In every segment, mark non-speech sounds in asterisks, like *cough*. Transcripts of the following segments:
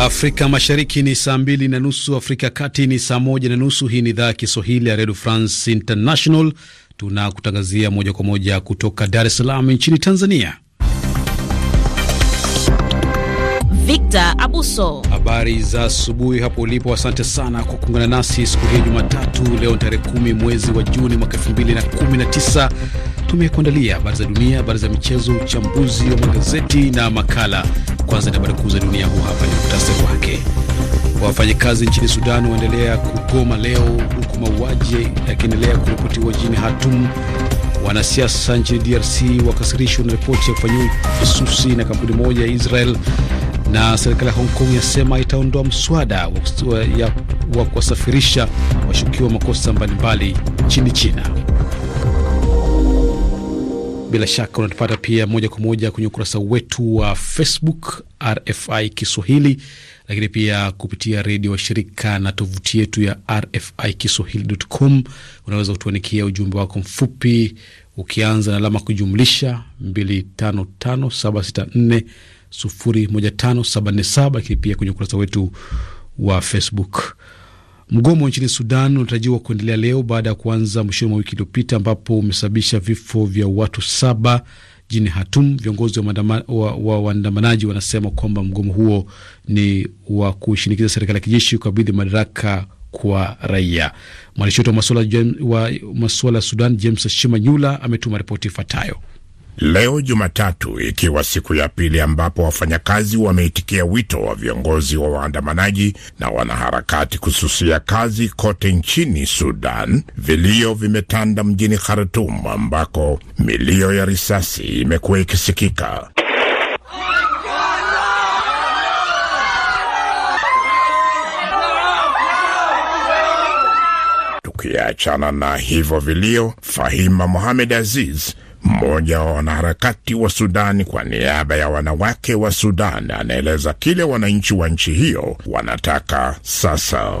Afrika Mashariki ni saa mbili na nusu, Afrika Kati ni saa moja na nusu. Hii ni idhaa ya Kiswahili ya Redio France International, tunakutangazia moja kwa moja kutoka Dar es Salaam nchini Tanzania. Victor Abuso. Habari za asubuhi hapo ulipo, asante sana kwa kuungana nasi siku hii Jumatatu. Leo tarehe kumi mwezi wa Juni mwaka tisa. tumekuandalia habari za dunia, habari za michezo, uchambuzi wa magazeti na makala. Kwanza ni habari kuu za dunia, huu hapa ni muhtasari wake. Wafanyakazi nchini Sudan waendelea kugoma leo, huku mauaji yakiendelea kuripotiwa jijini Hatum. Wanasiasa nchini DRC wakasirishwa na ripoti ya kufanyiwa ususi na kampuni moja ya Israel na serikali ya Hong Kong yasema itaondoa mswada wa kuwasafirisha washukiwa makosa mbalimbali nchini China. Bila shaka unatupata pia moja kwa moja kwenye ukurasa wetu wa Facebook RFI Kiswahili, lakini pia kupitia redio wa shirika na tovuti yetu ya RFI Kiswahili.com. Unaweza kutuanikia ujumbe wako mfupi ukianza na alama kujumlisha 255764 lakini pia kwenye ukurasa wetu wa Facebook. Mgomo nchini Sudan unatarajiwa kuendelea leo baada ya kuanza mwishoni mwa wiki iliyopita, ambapo umesababisha vifo vya watu saba jini Hatum. Viongozi wa waandamanaji wa wanasema kwamba mgomo huo ni wa kushinikiza serikali ya kijeshi kukabidhi madaraka kwa raia. Mwandishi wetu wa masuala ya Sudan, James Shimanyula, ametuma ripoti ifuatayo. Leo Jumatatu, ikiwa siku ya pili ambapo wafanyakazi wameitikia wito wa viongozi wa waandamanaji na wanaharakati kususia kazi kote nchini Sudan, vilio vimetanda mjini khartum ambako milio ya risasi imekuwa ikisikika. Tukiachana na hivyo vilio, Fahima Mohamed Aziz mmoja wa wanaharakati wa Sudani kwa niaba ya wanawake wa Sudan anaeleza kile wananchi wa nchi hiyo wanataka sasa.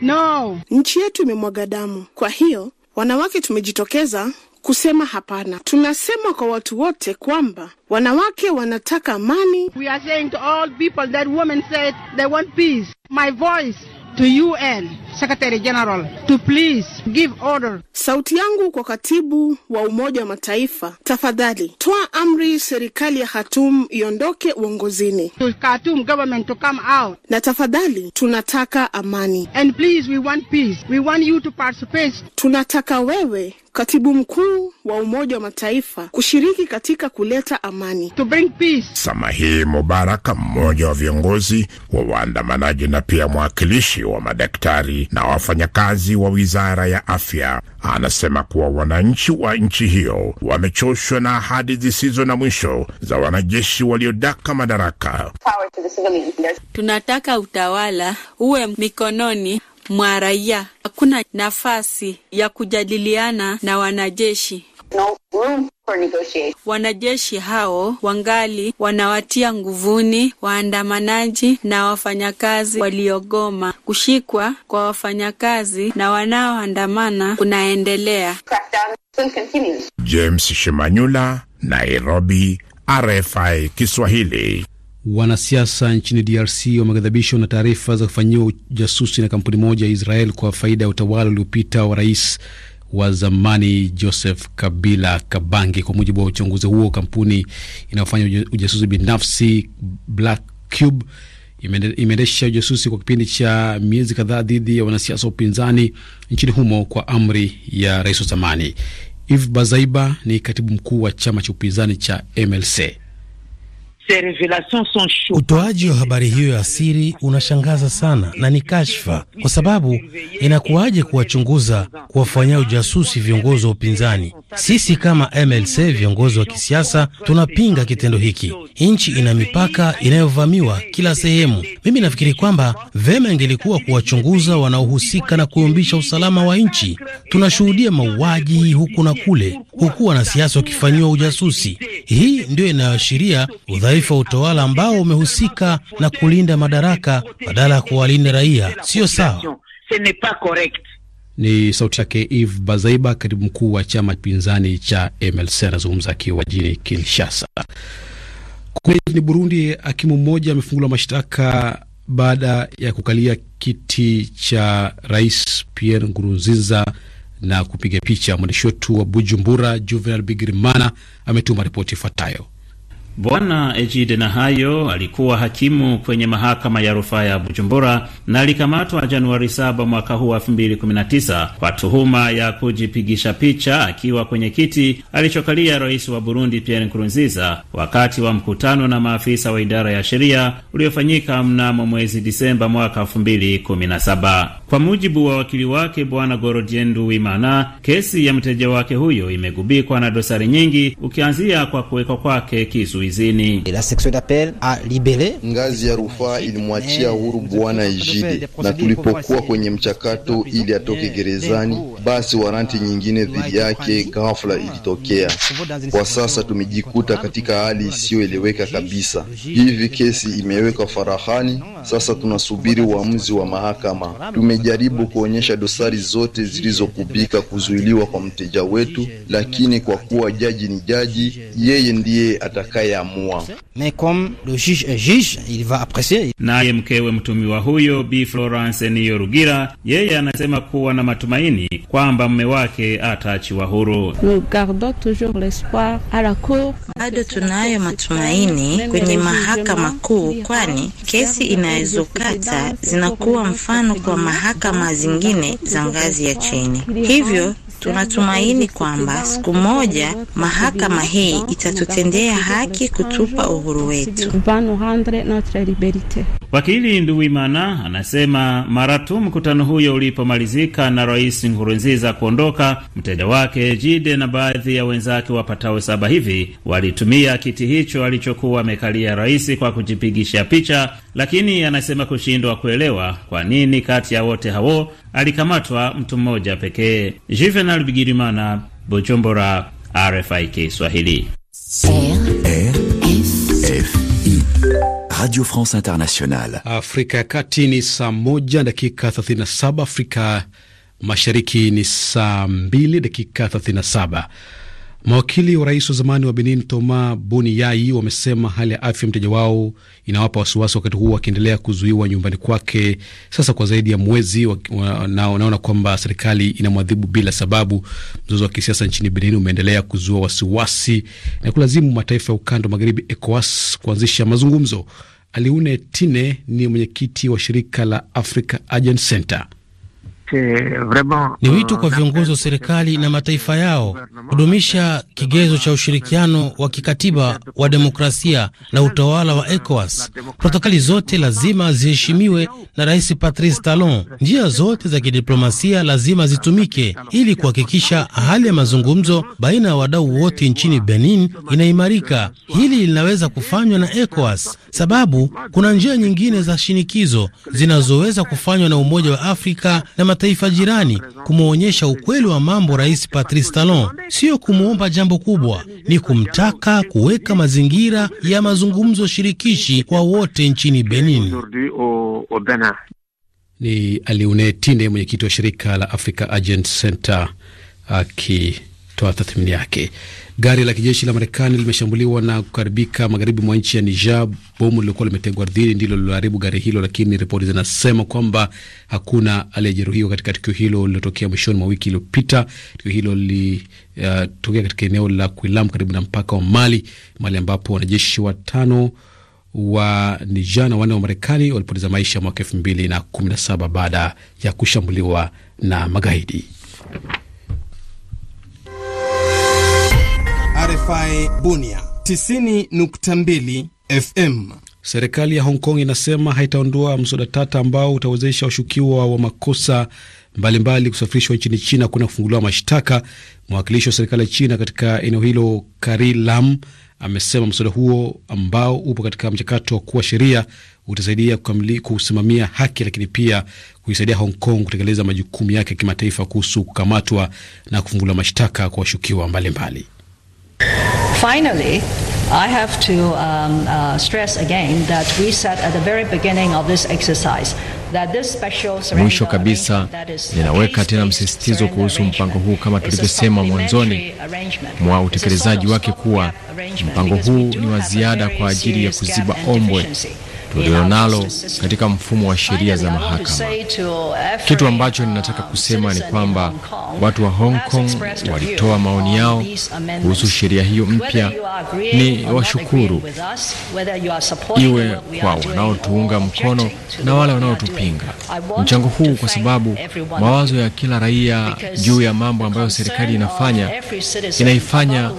no. Nchi yetu imemwaga damu, kwa hiyo wanawake tumejitokeza kusema hapana. Tunasema kwa watu wote kwamba wanawake wanataka amani. We are saying to all people that women said they want peace. My voice to UN. Secretary General to please give order. Sauti yangu kwa katibu wa Umoja wa Mataifa, tafadhali toa amri serikali ya Khartoum iondoke uongozini. To Khartoum government to come out. Na tafadhali tunataka amani. And please we want peace. We want you to participate. Tunataka wewe Katibu mkuu wa Umoja wa Mataifa kushiriki katika kuleta amani, to bring peace. Samahi Mubaraka, mmoja wa viongozi wa waandamanaji na pia mwakilishi wa madaktari na wafanyakazi wa wizara ya afya. Anasema kuwa wananchi wa nchi hiyo wamechoshwa na ahadi zisizo na mwisho za wanajeshi waliodaka madaraka. Tunataka utawala uwe mikononi mwa raia. Hakuna nafasi ya kujadiliana na wanajeshi no room for negotiation. Wanajeshi hao wangali wanawatia nguvuni waandamanaji na wafanyakazi waliogoma. Kushikwa kwa wafanyakazi na wanaoandamana kunaendelea. James Shimanyula, Nairobi, RFI Kiswahili. Wanasiasa nchini DRC wameghadhabishwa na taarifa za kufanyiwa ujasusi na kampuni moja ya Israel kwa faida ya utawala uliopita wa rais wa zamani Joseph Kabila Kabange. Kwa mujibu wa uchunguzi huo, kampuni inayofanya ujasusi binafsi Black Cube imeendesha ujasusi kwa kipindi cha miezi kadhaa dhidi ya wanasiasa wa upinzani nchini humo kwa amri ya rais wa zamani. Yves Bazaiba ni katibu mkuu wa chama cha upinzani cha MLC. Utoaji wa habari hiyo ya siri unashangaza sana na ni kashfa, kwa sababu inakuwaje kuwachunguza, kuwafanyia ujasusi viongozi wa upinzani? Sisi kama MLC, viongozi wa kisiasa, tunapinga kitendo hiki. Nchi ina mipaka inayovamiwa kila sehemu. Mimi nafikiri kwamba vema ingelikuwa kuwachunguza wanaohusika na kuyumbisha usalama wa nchi. Tunashuhudia mauaji huku na kule, huku wanasiasa wakifanyiwa ujasusi. Hii ndiyo inayoashiria udhaifu taifa utawala ambao umehusika na kulinda madaraka badala ya kuwalinda raia, sio sawa. Ni sauti yake Eve Bazaiba, katibu mkuu wa chama pinzani cha MLC, anazungumza akiwa jini Kinshasa. Kule nchini Burundi, hakimu mmoja amefunguliwa mashtaka baada ya kukalia kiti cha rais Pierre Nkurunziza na kupiga picha. Mwandishi wetu wa Bujumbura, Juvenal Bigirimana, ametuma ripoti ifuatayo. Bwana egide Nahayo alikuwa hakimu kwenye mahakama ya rufaa ya Bujumbura na alikamatwa Januari 7 mwaka huu 2019 kwa tuhuma ya kujipigisha picha akiwa kwenye kiti alichokalia rais wa Burundi Pierre Nkurunziza wakati wa mkutano na maafisa wa idara ya sheria uliofanyika mnamo mwezi Disemba mwaka 2017. Kwa mujibu wa wakili wake Bwana Gorodiendu Wimana, kesi ya mteja wake huyo imegubikwa na dosari nyingi, ukianzia kwa kuwekwa kwake kizu kizuizini. Ngazi ya rufaa ilimwachia huru bwana Ejide, na tulipokuwa kwenye mchakato ili atoke gerezani, basi waranti nyingine dhidi yake ghafla ilitokea. Kwa sasa tumejikuta katika hali isiyoeleweka kabisa. Hivi kesi imewekwa farahani, sasa tunasubiri uamuzi wa mahakama. Tumejaribu kuonyesha dosari zote zilizokubika kuzuiliwa kwa mteja wetu, lakini kwa kuwa jaji ni jaji, yeye ndiye atakaye aliamua. Mais comme le juge est juge, il va apprécier. Naye mkewe mtumiwa huyo Bi Florence Niyorugira, yeye anasema kuwa na matumaini kwamba mme wake ataachiwa huru. Bado tunayo matumaini kwenye mahakama kuu, kwani kesi inayozokata zinakuwa mfano kwa mahakama zingine za ngazi ya chini, hivyo Tunatumaini kwamba siku moja mahakama hii itatutendea haki kutupa uhuru wetu. Wakili Nduwimana anasema mara tu mkutano huyo ulipomalizika na Rais Nkurunziza kuondoka, mteja wake Jide na baadhi ya wenzake wapatao saba hivi walitumia kiti hicho alichokuwa amekalia rais kwa kujipigisha picha, lakini anasema kushindwa kuelewa kwa nini kati ya wote hao alikamatwa mtu mmoja pekee. Juvenal Bigirimana, Bujumbura, RFI Kiswahili. Radio France Internationale. Afrika ya Kati ni saa moja dakika 37, Afrika Mashariki ni saa mbili dakika 37. Mawakili wa rais wa zamani wa Benin Toma Boni Yai wamesema hali ya afya mteja wao inawapa wasiwasi, wakati huu wakiendelea kuzuiwa nyumbani kwake sasa kwa zaidi ya mwezi, wanaona kwamba serikali inamwadhibu bila sababu. Mzozo wa kisiasa nchini Benin umeendelea kuzua wasiwasi na kulazimu mataifa ya ukanda wa magharibi ECOWAS kuanzisha mazungumzo. Aliune Tine ni mwenyekiti wa shirika la Africa Agent Center. Ni wito uh, kwa viongozi wa serikali na mataifa yao kudumisha kigezo cha ushirikiano wa kikatiba wa demokrasia na utawala wa ECOWAS. Protokali zote lazima ziheshimiwe na Rais Patrice Talon. Njia zote za kidiplomasia lazima zitumike ili kuhakikisha hali ya mazungumzo baina ya wadau wote nchini Benin inaimarika. Hili linaweza kufanywa na ECOWAS sababu kuna njia nyingine za shinikizo zinazoweza kufanywa na Umoja wa Afrika na mataifa jirani kumwonyesha ukweli wa mambo Rais Patrice Talon, sio kumwomba jambo kubwa, ni kumtaka kuweka mazingira ya mazungumzo shirikishi kwa wote nchini Benin. Ni Aliune Tinde, mwenyekiti wa shirika la Africa Agent Center aki kutoa tathmini yake. Gari la kijeshi la Marekani limeshambuliwa na kukaribika magharibi mwa nchi ya Niger. Bomu lilikuwa limetegwa ardhini ndilo liloharibu gari hilo, lakini ripoti zinasema kwamba hakuna aliyejeruhiwa katika tukio hilo lilotokea mwishoni mwa wiki iliyopita. Tukio hilo lilitokea uh, katika eneo la kuilam karibu na mpaka wa Mali, Mali ambapo wanajeshi watano wa Niger na wanne wa Marekani walipoteza maisha mwaka elfu mbili na kumi na saba baada ya kushambuliwa na magaidi. RFI Bunia 90.2 FM. Serikali ya Hong Kong inasema haitaondoa mswada tata ambao utawezesha washukiwa wa makosa mbalimbali kusafirishwa nchini China kuna kufunguliwa mashtaka. Mwakilishi wa serikali ya China katika eneo hilo kari Lam amesema mswada huo ambao upo katika mchakato wa kuwa sheria utasaidia kusimamia haki, lakini pia kuisaidia Hong Kong kutekeleza majukumu yake ya kimataifa kuhusu kukamatwa na kufunguliwa mashtaka kwa washukiwa mbalimbali. Finally, I have to um, uh, stress again that we said at the very beginning of this exercise that this special surrender. Mwisho kabisa ninaweka tena msisitizo kuhusu mpango huu kama tulivyosema mwanzoni mwa utekelezaji wake kuwa mpango huu ni wa ziada kwa ajili ya kuziba ombwe tulilonalo katika mfumo wa sheria za mahakama. Kitu ambacho ninataka kusema ni kwamba watu wa Hong Kong walitoa maoni yao kuhusu sheria hiyo mpya. Ni washukuru, iwe kwa wanaotuunga mkono na wale wanaotupinga, mchango huu, kwa sababu mawazo ya kila raia juu ya mambo ambayo serikali inafanya inaifanya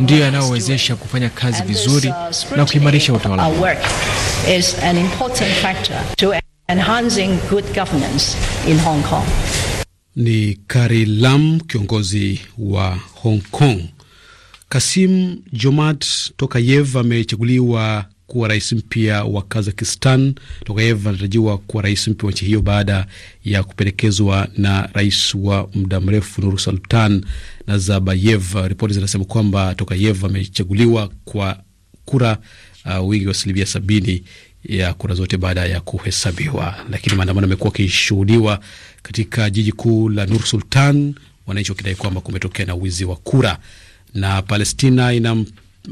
ndiyo yanayowezesha kufanya kazi vizuri na kuimarisha utawala is an important factor to enhancing good governance in Hong Kong. Ni kari Lam, kiongozi wa Hong Kong. Kasim Jomad Tokayev amechaguliwa kuwa rais mpya wa Kazakistan. Tokayev anatarajiwa kuwa rais mpya wa nchi hiyo baada ya kupendekezwa na rais wa muda mrefu Nuru Sultan Nazarbayev. Ripoti zinasema kwamba Tokayev amechaguliwa kwa kura uh, wingi wa asilimia sabini ya kura zote baada ya kuhesabiwa. Lakini maandamano yamekuwa akishuhudiwa katika jiji kuu la Nur Sultan, wananchi wakidai kwamba kumetokea na wizi wa kura. Na Palestina ina,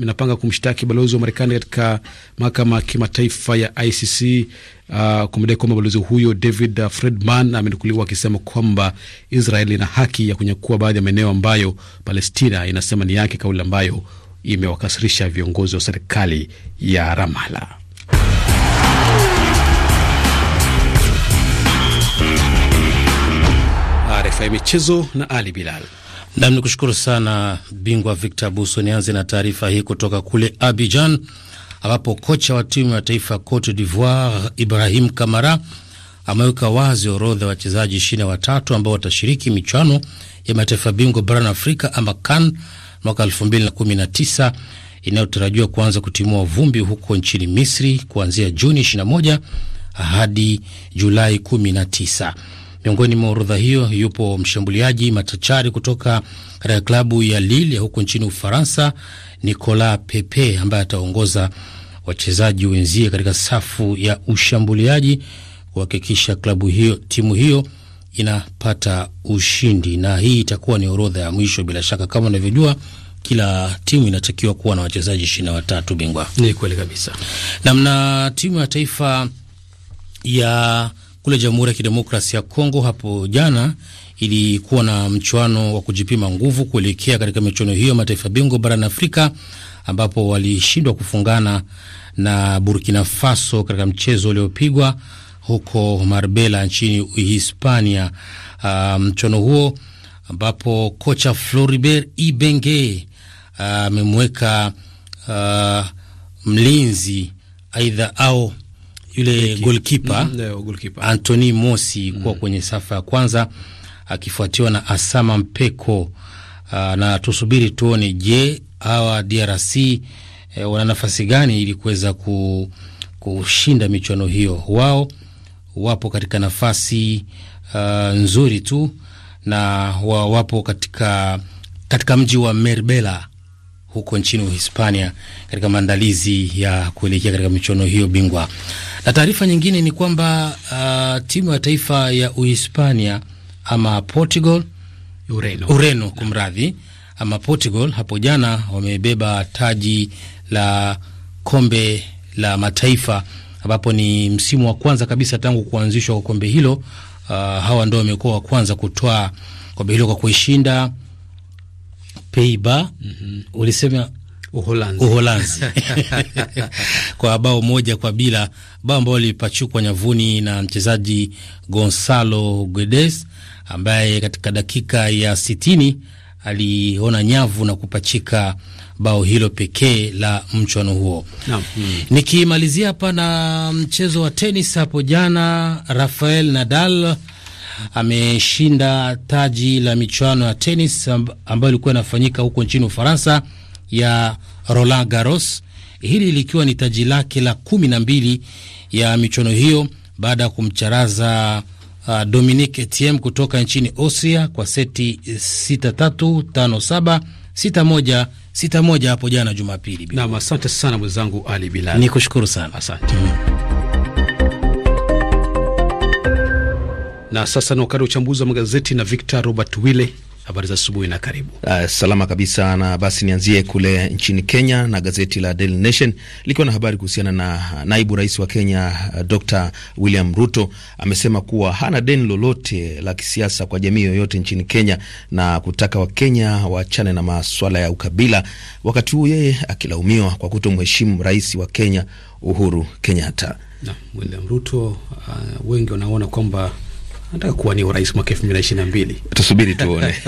inapanga kumshtaki balozi wa Marekani katika mahakama ya kimataifa ya ICC uh, kumedai kwamba balozi huyo David fredma amenukuliwa akisema kwamba Israel ina haki ya kunyakua baadhi ya maeneo ambayo Palestina inasema ni yake, kauli ambayo imewakasirisha viongozi wa serikali ya Ramala. RFI Michezo na Ali Bilal. Nam ni kushukuru sana bingwa Victor Buso. Nianze na taarifa hii kutoka kule Abidjan ambapo kocha wa timu ya taifa Cote d'Ivoire Ibrahim Kamara ameweka wazi orodha ya wachezaji ishirini na watatu ambao watashiriki michuano ya mataifa bingwa barani Afrika ama CAN mwaka 2019 inayotarajiwa kuanza kutimua vumbi huko nchini Misri kuanzia Juni 21 hadi Julai 19. Miongoni mwa orodha hiyo yupo mshambuliaji matachari kutoka katika klabu ya Lille huko nchini Ufaransa, Nicolas Pepe ambaye ataongoza wachezaji wenzie katika safu ya ushambuliaji kuhakikisha klabu hiyo, timu hiyo inapata ushindi. Na hii itakuwa ni orodha ya mwisho. Bila shaka, kama unavyojua, kila timu inatakiwa kuwa na wachezaji ishirini na watatu. Bingwa ni kweli kabisa namna timu ya taifa ya kule Jamhuri ya Kidemokrasia ya Kongo hapo jana ilikuwa na mchuano wa kujipima nguvu kuelekea katika michuano hiyo ya mataifa bingwa barani Afrika, ambapo walishindwa kufungana na Burkina Faso katika mchezo uliopigwa huko Marbella nchini Hispania. Uh, ah, mchuano huo ambapo kocha Floribert Ibenge ah, amemweka uh, uh, mlinzi aidha au yule golkipa mm-hmm. Anthony Mosi mm. kuwa mm-hmm. kwenye safa ya kwanza akifuatiwa na Asama Mpeko. Uh, na tusubiri tuone, je, hawa DRC eh, wana nafasi gani ili kuweza ku, kushinda michuano hiyo? Wao wapo katika nafasi uh, nzuri tu na wa, wapo katika, katika mji wa Merbela huko nchini Uhispania katika maandalizi ya kuelekea katika michuano hiyo bingwa na taarifa nyingine ni kwamba uh, timu ya taifa ya Uhispania ama Portugal, Ureno, Ureno kumradhi, ama Portugal hapo jana wamebeba taji la kombe la mataifa ambapo ni msimu wa kwanza kabisa tangu kuanzishwa kwa kombe hilo. Uh, hawa ndio wamekuwa wa kwanza kutoa kombe hilo kwa kuishinda Peiba. mm -hmm. Ulisema Uholanzi, Uholanzi. *laughs* *laughs* kwa bao moja kwa bila, bao ambao lilipachukwa nyavuni na mchezaji Gonzalo Guedes ambaye katika dakika ya sitini aliona nyavu na kupachika bao hilo pekee la mchuano huo Naam. mm. Nikimalizia hapa na mchezo wa tenis, hapo jana Rafael Nadal ameshinda taji la michuano ya tenis ambayo ilikuwa inafanyika huko nchini Ufaransa ya Roland Garros, hili likiwa ni taji lake la kumi na mbili ya michuano hiyo baada ya kumcharaza uh, Dominic Thiem kutoka nchini Austria kwa seti 6-3, 5-7, 6-1, sita moja hapo jana Jumapili. Naam, asante sana mwenzangu Ali Bilal. Nikushukuru sana. Asante. Mm. Na sasa ni wakati wa uchambuzi wa magazeti na Victor Robert Wille. Habari za asubuhi na karibu. Uh, salama kabisa na basi nianzie kule nchini Kenya na gazeti la Daily Nation likiwa na habari kuhusiana na naibu rais wa Kenya uh, Dr. William Ruto amesema kuwa hana deni lolote la kisiasa kwa jamii yoyote nchini Kenya na kutaka Wakenya waachane na maswala ya ukabila, wakati huu yeye akilaumiwa kwa kutomheshimu rais wa Kenya Uhuru Kenyatta. Na William Ruto uh, wengi wanaona kwamba Nataka kuwa ni urais mwaka mbili. Tusubiri tuone. *laughs*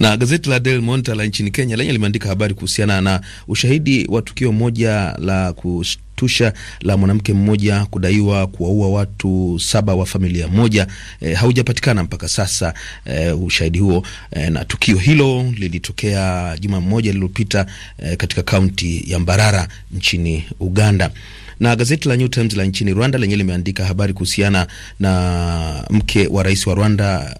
Na gazeti la Del Monte la nchini Kenya lenye limeandika habari kuhusiana na ushahidi wa tukio moja la kushtusha la mwanamke mmoja kudaiwa kuwaua watu saba wa familia moja. E, haujapatikana mpaka sasa e, ushahidi huo e, na tukio hilo lilitokea juma moja lililopita e, katika kaunti ya Mbarara nchini Uganda. Na gazeti la New Times la nchini Rwanda lenye limeandika habari kuhusiana na mke wa rais wa Rwanda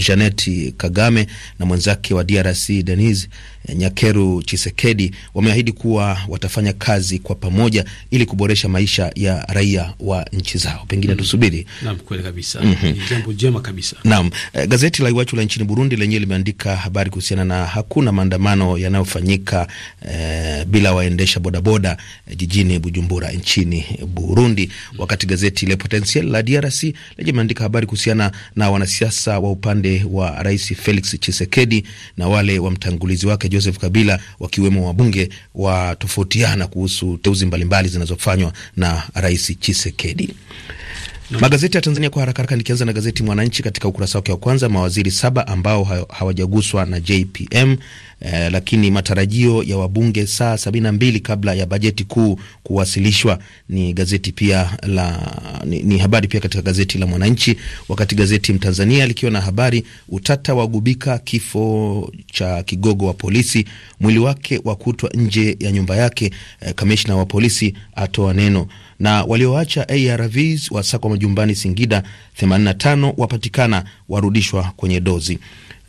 janet Kagame na mwenzake wa DRC Denis Nyakeru Chisekedi wameahidi kuwa watafanya kazi kwa pamoja ili kuboresha maisha ya raia wa nchi zao. Pengine mm. tusubiri. Naam, kweli kabisa. Mm -hmm. Ni jambo jema kabisa. Naam, eh, gazeti la Iwachu la nchini Burundi lenyewe limeandika habari kuhusiana na hakuna maandamano yanayofanyika eh, bila waendesha bodaboda eh, jijini Bujumbura nchini Burundi, wakati gazeti Le Potentiel la DRC lenye limeandika habari kuhusiana na wanasiasa wa upande upande wa Rais Felix Chisekedi na wale wa mtangulizi wake Joseph Kabila, wakiwemo wabunge, watofautiana kuhusu teuzi mbalimbali zinazofanywa na Rais Chisekedi. No. Magazeti ya Tanzania kwa haraka haraka, nikianza na gazeti Mwananchi katika ukurasa wake wa kwanza, mawaziri saba ambao hawajaguswa na JPM eh, lakini matarajio ya wabunge saa sabini na mbili kabla ya bajeti kuu kuwasilishwa ni gazeti pia la ni, ni habari pia katika gazeti la Mwananchi, wakati gazeti Mtanzania likiwa na habari utata wagubika kifo cha kigogo wa polisi, mwili wake wakutwa nje ya nyumba yake. Eh, kamishna wa polisi atoa neno na walioacha ARVs wasakwa majumbani Singida 85 wapatikana warudishwa kwenye dozi.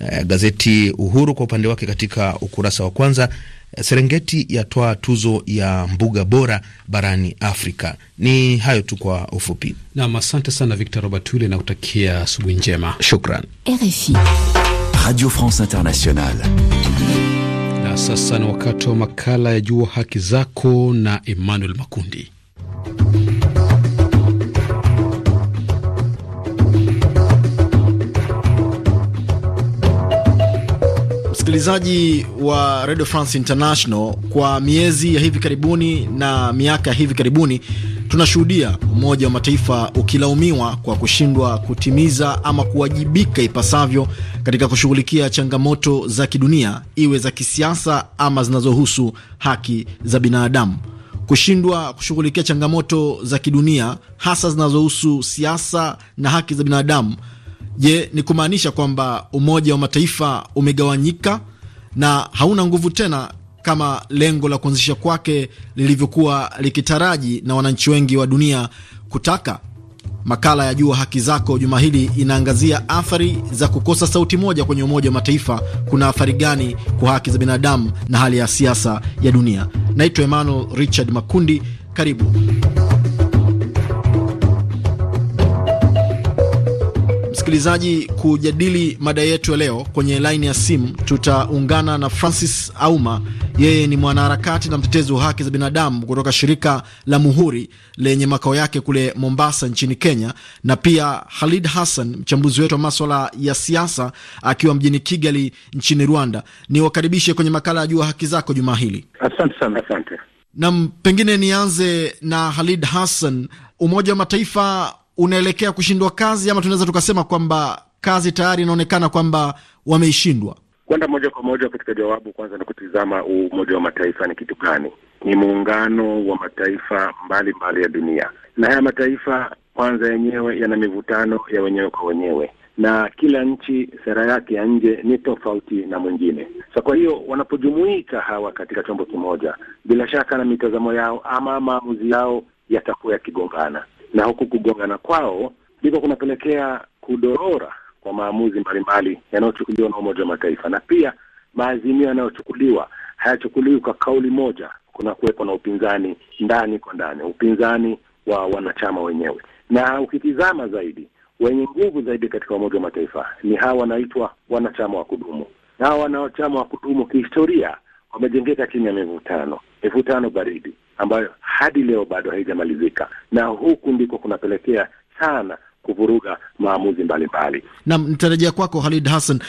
E, gazeti Uhuru kwa upande wake katika ukurasa wa kwanza eh, Serengeti yatoa tuzo ya mbuga bora barani Afrika. Ni hayo tu kwa ufupi nam. Asante sana Victor Robert Wile na kutakia asubuhi njema, shukran. RFI Radio France Internationale. Na sasa ni wakati wa makala ya Jua Haki Zako na Emmanuel Makundi. Msikilizaji wa Radio France International, kwa miezi ya hivi karibuni na miaka ya hivi karibuni tunashuhudia Umoja wa Mataifa ukilaumiwa kwa kushindwa kutimiza ama kuwajibika ipasavyo katika kushughulikia changamoto za kidunia, iwe za kisiasa ama zinazohusu haki za binadamu kushindwa kushughulikia changamoto za kidunia hasa zinazohusu siasa na haki za binadamu, je, ni kumaanisha kwamba Umoja wa Mataifa umegawanyika na hauna nguvu tena kama lengo la kuanzisha kwake lilivyokuwa likitaraji na wananchi wengi wa dunia kutaka? Makala ya Jua Haki Zako juma hili inaangazia athari za kukosa sauti moja kwenye Umoja wa Mataifa. Kuna athari gani kwa haki za binadamu na hali ya siasa ya dunia? Naitwa Emmanuel Richard Makundi, karibu. msikilizaji, kujadili mada yetu ya leo. Kwenye laini ya simu tutaungana na Francis Auma, yeye ni mwanaharakati na mtetezi wa haki za binadamu kutoka shirika la Muhuri lenye makao yake kule Mombasa nchini Kenya, na pia halid Hassan, mchambuzi wetu wa maswala ya siasa akiwa mjini Kigali nchini Rwanda. Niwakaribishe kwenye makala ya Jua Haki Zako juma hili. Asante sana. Asante nam. Pengine nianze na halid Hassan. Umoja wa Mataifa unaelekea kushindwa kazi, ama tunaweza tukasema kwamba kazi tayari inaonekana kwamba wameishindwa? Kwenda moja kwa moja katika jawabu, kwanza ni kutizama Umoja wa Mataifa ni kitu gani? Ni muungano wa mataifa mbalimbali mbali ya dunia, na haya mataifa kwanza yenyewe yana mivutano ya wenyewe kwa wenyewe na kila nchi sera yake ya nje ni tofauti na mwingine. So kwa hiyo wanapojumuika hawa katika chombo kimoja, bila shaka na mitazamo yao ama maamuzi yao yatakuwa yakigongana na huku kugongana kwao ndiko kunapelekea kudorora kwa maamuzi mbalimbali yanayochukuliwa na Umoja wa Mataifa, na pia maazimio yanayochukuliwa hayachukuliwi kwa kauli moja. Kuna kuwepo na upinzani ndani kwa ndani, upinzani wa wanachama wenyewe, na ukitizama zaidi, wenye nguvu zaidi katika Umoja wa Mataifa ni hawa wanaitwa wanachama wa kudumu, na hawa wanachama wa kudumu kihistoria wamejengeka chini ya mivutano, mivutano baridi ambayo hadi leo bado haijamalizika, na huku ndiko kunapelekea sana kuvuruga maamuzi mbalimbali. Naam, nitarejea kwako Khalid Hassan.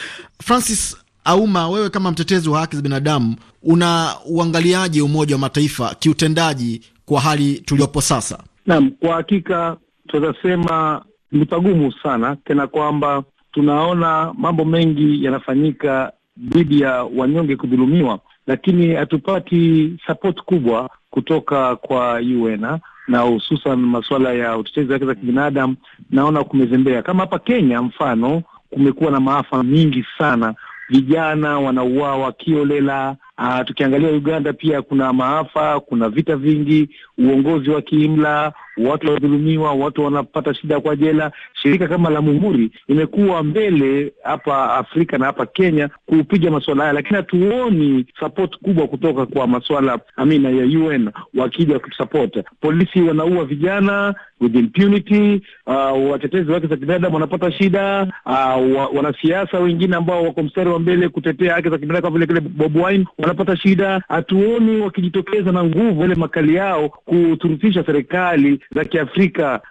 Francis Auma, wewe kama mtetezi wa haki za binadamu una uangaliaji Umoja wa Mataifa kiutendaji kwa hali tuliopo sasa? Naam, kwa hakika tutasema ni pagumu sana, tena kwamba tunaona mambo mengi yanafanyika dhidi ya wanyonge kudhulumiwa, lakini hatupati support kubwa kutoka kwa UN na hususan masuala ya utetezi wake za kibinadamu, naona kumezembea. Kama hapa Kenya mfano, kumekuwa na maafa mingi sana, vijana wanauawa kiolela Uh, tukiangalia Uganda pia kuna maafa, kuna vita vingi, uongozi wa kiimla, watu wanadhulumiwa, watu wanapata shida kwa jela. Shirika kama la Muhuri imekuwa mbele hapa Afrika na hapa Kenya kuupiga masuala haya, lakini hatuoni support kubwa kutoka kwa masuala amina ya UN wakija kutusupport. Polisi wanaua vijana with impunity, uh, watetezi wake za kibinadamu wanapata shida, uh, wa, wanasiasa wengine ambao wako mstari wa mbele kutetea haki za kibinadamu kama vile kile Bob Wine wanapata shida, hatuoni wakijitokeza na nguvu ile makali yao kuturutisha serikali za Kiafrika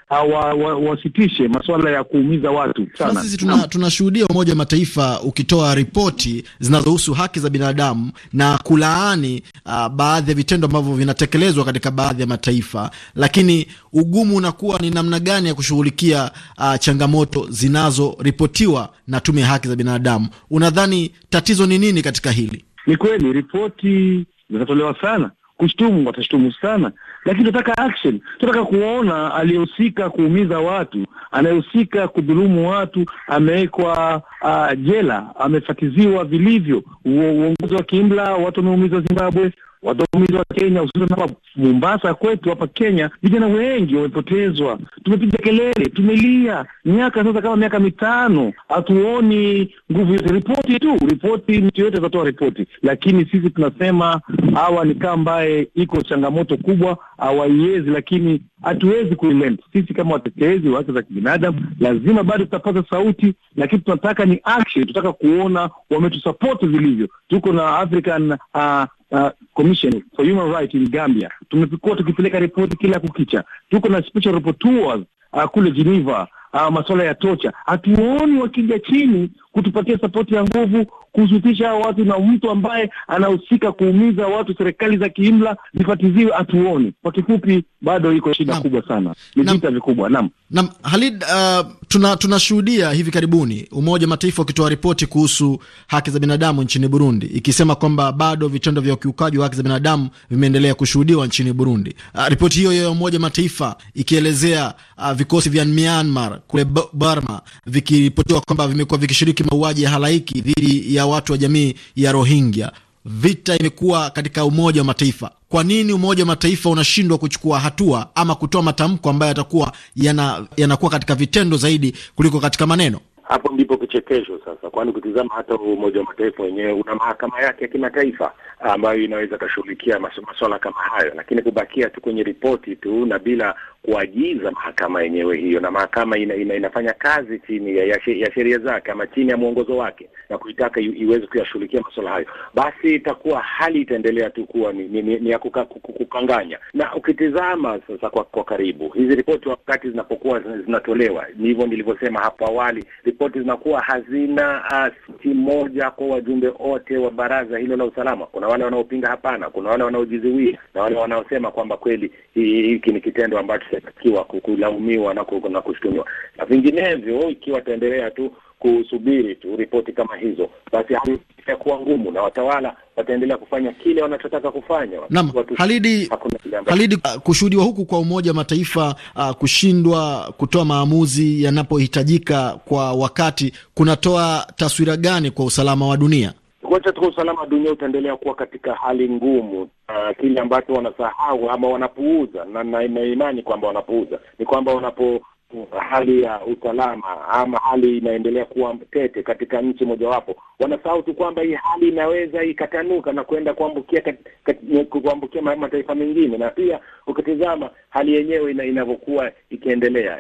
wasitishe wa, wa masuala ya kuumiza watu sana. Sisi tunashuhudia tuna Umoja wa Mataifa ukitoa ripoti zinazohusu haki za binadamu na kulaani uh, baadhi ya vitendo ambavyo vinatekelezwa katika baadhi ya mataifa, lakini ugumu unakuwa ni namna gani ya kushughulikia uh, changamoto zinazoripotiwa na Tume ya Haki za Binadamu. Unadhani tatizo ni nini katika hili? Ni kweli ripoti zinatolewa sana, kushtumu watashtumu sana, lakini tunataka action, tunataka kuona aliyehusika kuumiza watu, anayehusika kudhulumu watu amewekwa uh, jela, amefatiziwa vilivyo, uongozi wa kiimla, watu wameumizwa Zimbabwe, Wadhamini wa Kenya hususan hapa Mombasa kwetu hapa Kenya, vijana wengi wamepotezwa. Tumepiga kelele, tumelia miaka sasa, kama miaka mitano, hatuoni nguvu yote. Ripoti tu ripoti, mtu yote atatoa ripoti, lakini sisi tunasema hawa ni kaa ambaye iko changamoto kubwa, hawaiwezi, lakini hatuwezi kuilent. Sisi kama watetezi wa haki za kibinadamu lazima bado tutapaza sauti, lakini tunataka ni action, tunataka kuona wametusapoti vilivyo. Tuko na African uh, uh, Commission for Human Rights in Gambia. Tumekuwa tukipeleka ripoti kila kukicha, tuko na special rapporteurs uh, kule Geneva uh, masuala ya tocha, hatuoni wakija chini kutupatia sapoti ya nguvu kuhusutisha hawa watu na mtu ambaye anahusika kuumiza watu, serikali za kiimla zifatiziwe, hatuoni. Kwa kifupi, bado iko shida kubwa sana, ni vita vikubwa. Naam, naam Halid, uh, Tunashuhudia tuna hivi karibuni Umoja wa Mataifa ukitoa ripoti kuhusu haki za binadamu nchini Burundi, ikisema kwamba bado vitendo vya ukiukaji wa haki za binadamu vimeendelea kushuhudiwa nchini Burundi. Uh, ripoti hiyo ya Umoja wa Mataifa ikielezea uh, vikosi vya Myanmar kule Burma vikiripotiwa kwamba vimekuwa vikishiriki mauaji ya halaiki dhidi ya watu wa jamii ya Rohingya vita imekuwa katika Umoja wa Mataifa. Kwa nini Umoja wa Mataifa unashindwa kuchukua hatua ama kutoa matamko ambayo yatakuwa yanakuwa yana katika vitendo zaidi kuliko katika maneno? Hapo ndipo kichekesho sasa, kwani ukitizama hata Umoja wa Mataifa wenyewe una mahakama yake ya kimataifa ambayo inaweza ikashughulikia masuala kama hayo, lakini kubakia tu kwenye ripoti tu na bila kuagiza mahakama yenyewe hiyo, na mahakama ina, ina, inafanya kazi chini ya, ya sheria zake ama chini ya mwongozo wake na kuitaka iweze kuyashughulikia masuala hayo, basi itakuwa hali itaendelea tu kuwa ni, ni, ni, ni ya kuka, kukanganya. Na ukitizama sasa kwa, kwa karibu hizi ripoti wakati zinapokuwa zinatolewa, ndivyo nilivyosema hapo awali, ripoti zinakuwa hazina ah, siti moja kwa wajumbe wote wa baraza hilo la usalama. Kuna wale wanaopinga hapana, kuna wale wanaojizuia na wale wanaosema kwamba kweli hiki ni kitendo ambacho ikiwa kulaumiwa na kushutumiwa, na vinginevyo, ikiwa taendelea tu kusubiri tu ripoti kama hizo, basi hali itakuwa ngumu na watawala wataendelea kufanya kile wanachotaka kufanya. Naam, Halidi, Halidi, uh, kushuhudiwa huku kwa Umoja wa Mataifa uh, kushindwa kutoa maamuzi yanapohitajika kwa wakati kunatoa taswira gani kwa usalama wa dunia? Kuacha tu usalama dunia utaendelea kuwa katika hali ngumu. Uh, kile ambacho wanasahau ama wanapuuza, na nina imani kwamba wanapuuza, ni kwamba wanapo hali ya usalama ama hali inaendelea kuwa tete katika nchi mojawapo, wanasahau tu kwamba hii hali inaweza ikatanuka na kuenda kuambukia kat, kat, kuambukia mataifa mengine. Na pia ukitizama hali yenyewe inavyokuwa ikiendelea,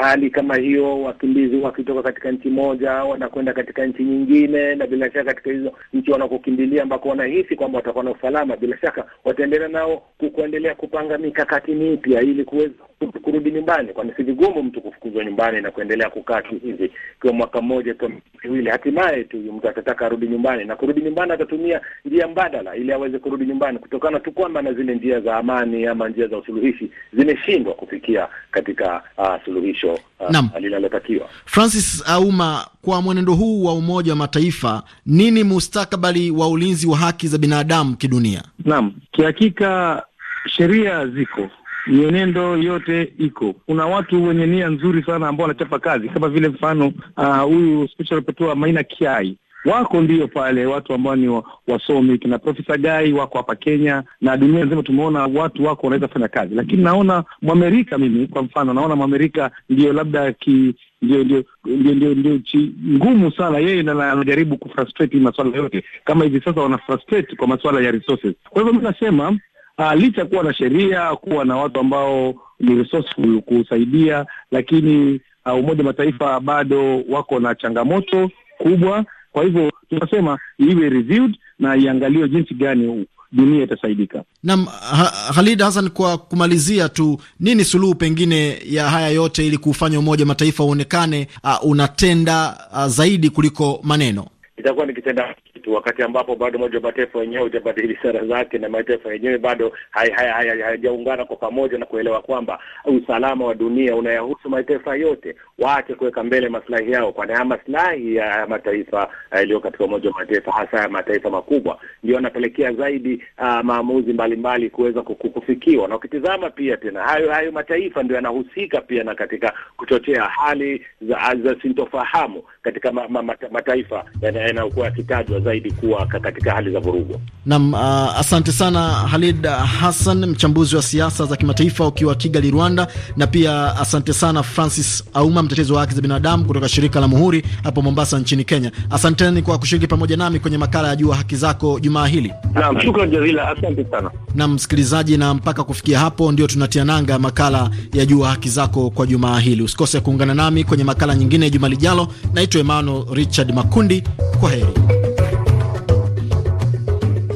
hali kama hiyo, wakimbizi wakitoka katika nchi moja wanakwenda katika nchi nyingine, na bila shaka katika hizo nchi wanakokimbilia ambako wanahisi kwamba watakuwa na usalama, bila shaka wataendelea nao kuendelea kupanga mikakati mipya ili kuweza kurudi nyumbani, kwani si vigumu mtu kufukuzwa nyumbani na kuendelea kukaa tu hivi ikiwa mwaka mmoja, kwa miwili, hatimaye tu mtu atataka arudi nyumbani, na kurudi nyumbani atatumia njia mbadala ili aweze kurudi nyumbani, kutokana tu kwamba na zile njia za amani ama njia za usuluhishi zimeshindwa kufikia katika uh, suluhisho uh, linalotakiwa. Francis Auma, kwa mwenendo huu wa Umoja wa Mataifa, nini mustakabali wa ulinzi wa haki za binadamu kidunia? Naam, kihakika sheria ziko mienendo yote iko. Kuna watu wenye nia nzuri sana ambao wanachapa kazi, kama vile mfano ah, huyu uh, special Maina Kiai wako ndio pale watu ambao ni wasomi kina Profesa Gai wako hapa Kenya na dunia nzima, tumeona watu wako wanaweza fanya kazi, lakini naona Mwamerika, mimi kwa mfano, naona Mwamerika ndio labda ki ndio ndio ndio ndio chi ngumu sana yeye, na anajaribu kufrustrate masuala yote kama hivi sasa wanafrustrate kwa masuala ya resources. Kwa hivyo mi nasema uh, licha kuwa na sheria, kuwa na watu ambao ni resourceful kusaidia, lakini uh, Umoja Mataifa bado wako na changamoto kubwa. Kwa hivyo tunasema iwe reviewed na iangaliwe jinsi gani dunia itasaidika. Naam, ha Khalid Hassan, kwa kumalizia tu, nini suluhu pengine ya haya yote ili kuufanya Umoja Mataifa uonekane uh, unatenda uh, zaidi kuliko maneno? Itakuwa ni kitenda wakati ambapo bado moja wa Mataifa wenyewe hujabadili sera zake na mataifa yenyewe bado hayajaungana kwa pamoja na kuelewa kwamba usalama wa dunia unayahusu mataifa yote. Waache kuweka mbele maslahi yao, kwani haya maslahi ya mataifa eh, yaliyo katika Umoja wa Mataifa, hasa ya mataifa makubwa, ndio yanapelekea zaidi uh, maamuzi mbalimbali kuweza kufikiwa. Na ukitizama pia tena hayo hayo mataifa ndio yanahusika pia na katika kuchochea hali za, za sintofahamu katika ma, ma, mataifa yanayokuwa yakitajwa zaidi kuwa katika hali za vurugu. Naam, uh, asante sana Halid Hassan, mchambuzi wa siasa za kimataifa ukiwa Kigali, Rwanda, na pia asante sana Francis Auma, mtetezi wa haki za binadamu kutoka shirika la Muhuri hapo Mombasa nchini Kenya. Asanteni kwa kushiriki pamoja nami kwenye makala ya Jua Haki Zako jumaa hili. Naam, shukrani jazila, asante sana. Naam msikilizaji, na mpaka kufikia hapo ndio tunatia nanga makala ya Jua Haki Zako kwa jumaa hili. Usikose kuungana nami kwenye makala nyingine juma lijalo. Naitwa Emmanuel Richard Makundi, kwa heri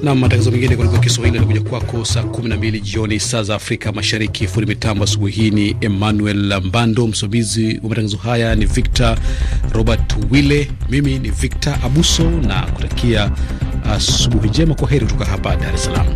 na matangazo mengine kwa lugha ya Kiswahili yanakuja kwako saa 12 jioni saa za Afrika Mashariki. Fundi mitambo asubuhi hii ni Emmanuel Mbando, msimamizi wa matangazo haya ni Victor Robert Wille, mimi ni Victor Abuso na kutakia asubuhi njema. Kwa heri kutoka hapa Dar es Salaam.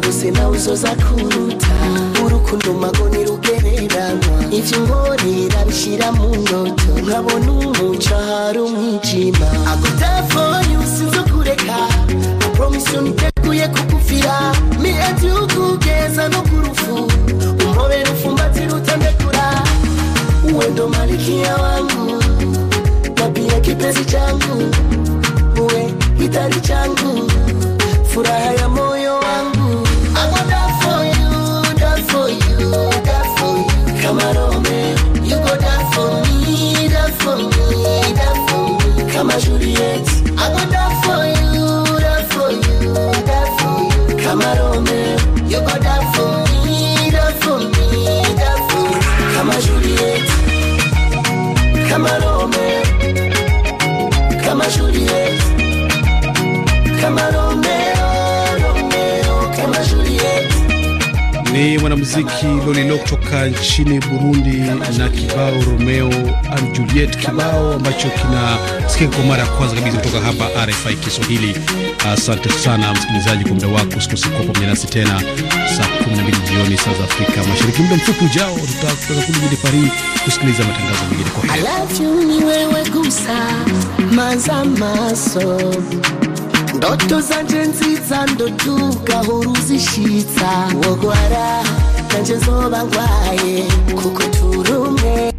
bose nawe uzoza kuruta urukundo magoni rugereranywa ivyo nkorera bishira mu ndoto nkabona umuco hari umwijima agotafoni usinzo kureka promise niteguye kugufira miezi ukugeza no kurufu umobere ufumbati rutandekura uwendo ndo malikia wangu na pia changu uwe kitari changu furaha ya moyo You go die for me, die for me, die for me. Come on, Juliet. I go die for you, die for you, die for you. Come on, Romeo. You go die for me, die for me, die for me. Come on, Juliet. Come on, Romeo. Come on, Juliet. Come on, Romeo. ni mwanamuziki Lolilo kutoka nchini Burundi na kibao Romeo and Juliet, kibao ambacho kinasikika kwa mara ya kwanza kabisa kutoka hapa RFI Kiswahili. Asante sana msikilizaji kwa muda wako, usikose pamoja nasi tena saa 12 jioni saa za Afrika Mashariki. Muda mfupi ujao tutatoka kule mjini Paris kusikiliza matangazo mengine. Kwa heri ndoto zanje nziza ndotuka uruzishitsa wogwara nanje nzoba ngwaye kuko turumwe